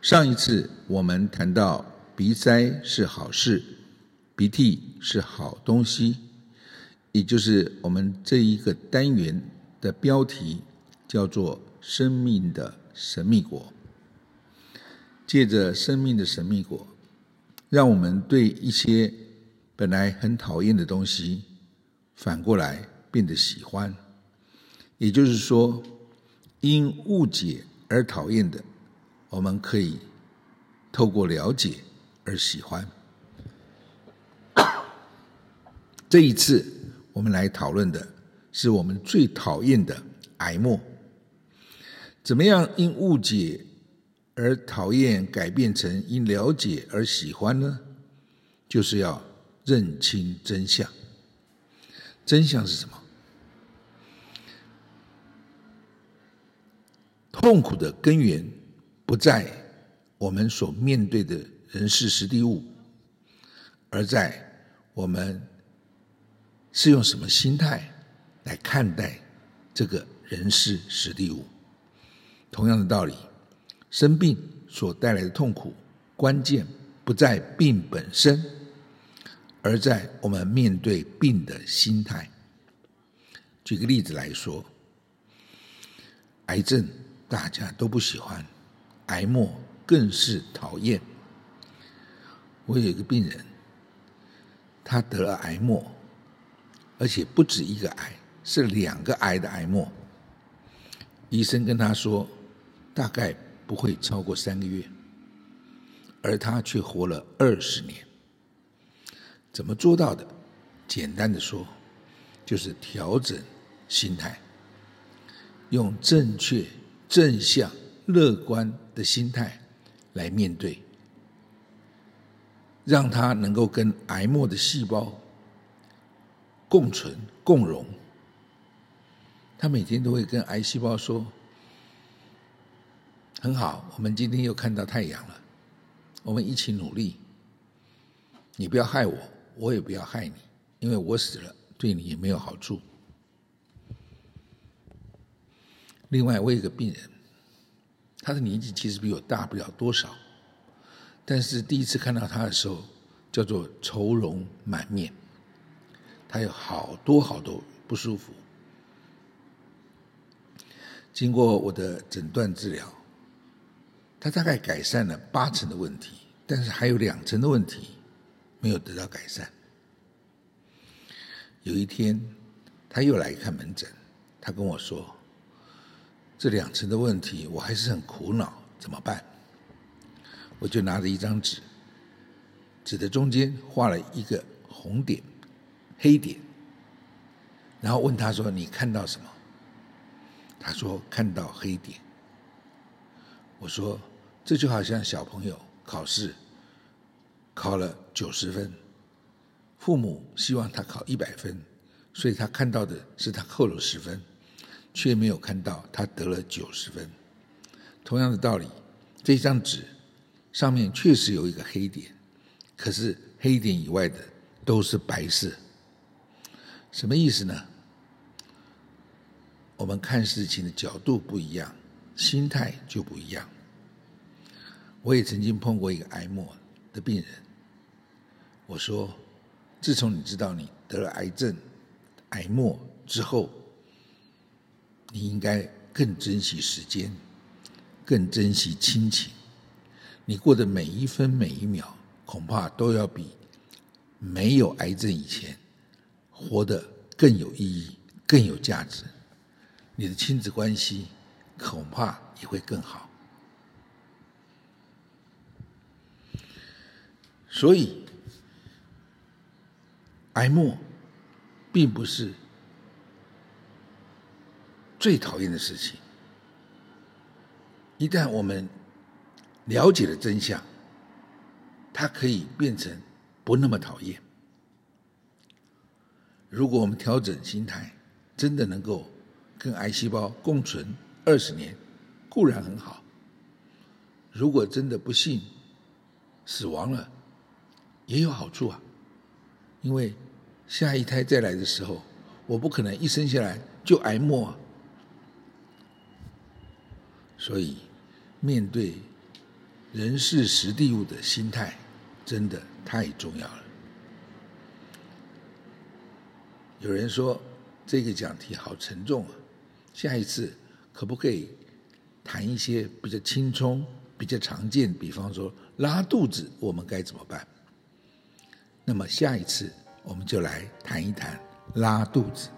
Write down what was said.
上一次我們談到鼻塞是好事，鼻涕是好東西，也就是我們這一個單元的標題叫做“生命的神秘果”。借着生命的神秘果，讓我們對一些本來很討厭的東西，反過來變得喜歡。也就是說，因誤解而討厭的，我們可以透過了解而喜歡。這一次我們來討論的是我們最討厭的癌末，怎麼樣因誤解而討厭，改變成因了解而喜歡呢？就是要認清真相。真相是什麼？痛苦的根源。不在我們所面對的人事時地物，而在我們是用什麼心態來看待這個人事時地物。同樣的道理，生病所帶來的痛苦，關鍵不在病本身，而在我們面對病的心態。舉個例子來說，癌症大家都不喜歡。癌末更是討厭。我有一個病人，他得了癌末，而且不止一個癌，是兩個癌的癌末。醫生跟他說，大概不會超過三個月，而他卻活了二十年。怎麼做到的？簡單的說，就是調整心態，用正確、正向。樂觀的心態來面對，讓他能夠跟癌末的細胞共存共榮。他每天都會跟癌細胞說：“很好，我們今天又看到太陽了，我們一起努力。你不要害我，我也不要害你，因為我死了對你也沒有好處。”另外，我有一個病人。他的年紀其實比我大不了多少，但是第一次看到他的時候，叫做愁容滿面，他有好多好多不舒服。經過我的診斷治療，他大概改善了八成的問題，但是還有兩成的問題沒有得到改善。有一天他又來看門診，他跟我說。這兩層的問題，我還是很苦惱，怎麼辦？我就拿着一張紙，紙的中間畫了一個紅點、黑點，然後問他說：“你看到什麼？”他說：“看到黑點。”我說：“這就好像小朋友考試考了九十分，父母希望他考一百分，所以他看到的是他扣了十分。”卻沒有看到他得了九十分。同樣的道理，這張紙上面確實有一個黑點，可是黑點以外的都是白色。什麼意思呢？我們看事情的角度不一樣，心態就不一樣。我也曾經碰過一個癌末的病人。我說：“自從你知道你得了癌症、癌末之後。”你應該更珍惜時間，更珍惜親情。你過的每一分每一秒，恐怕都要比沒有癌症以前活得更有意義、更有價值。你的親子關係恐怕也會更好。所以，癌末，並不是。最討厭的事情，一旦我們了解了真相，它可以變成不那麼討厭。如果我們調整心態，真的能夠跟癌細胞共存二十年，固然很好。如果真的不幸死亡了，也有好處啊，因為下一胎再來的時候，我不可能一生下來就癌末啊。所以，面對人事時地物的心態，真的太重要了。有人說這個講題好沉重啊，下一次可不可以談一些比較輕鬆、比較常見？比方說拉肚子，我們該怎麼辦？那麼下一次我們就來談一談拉肚子。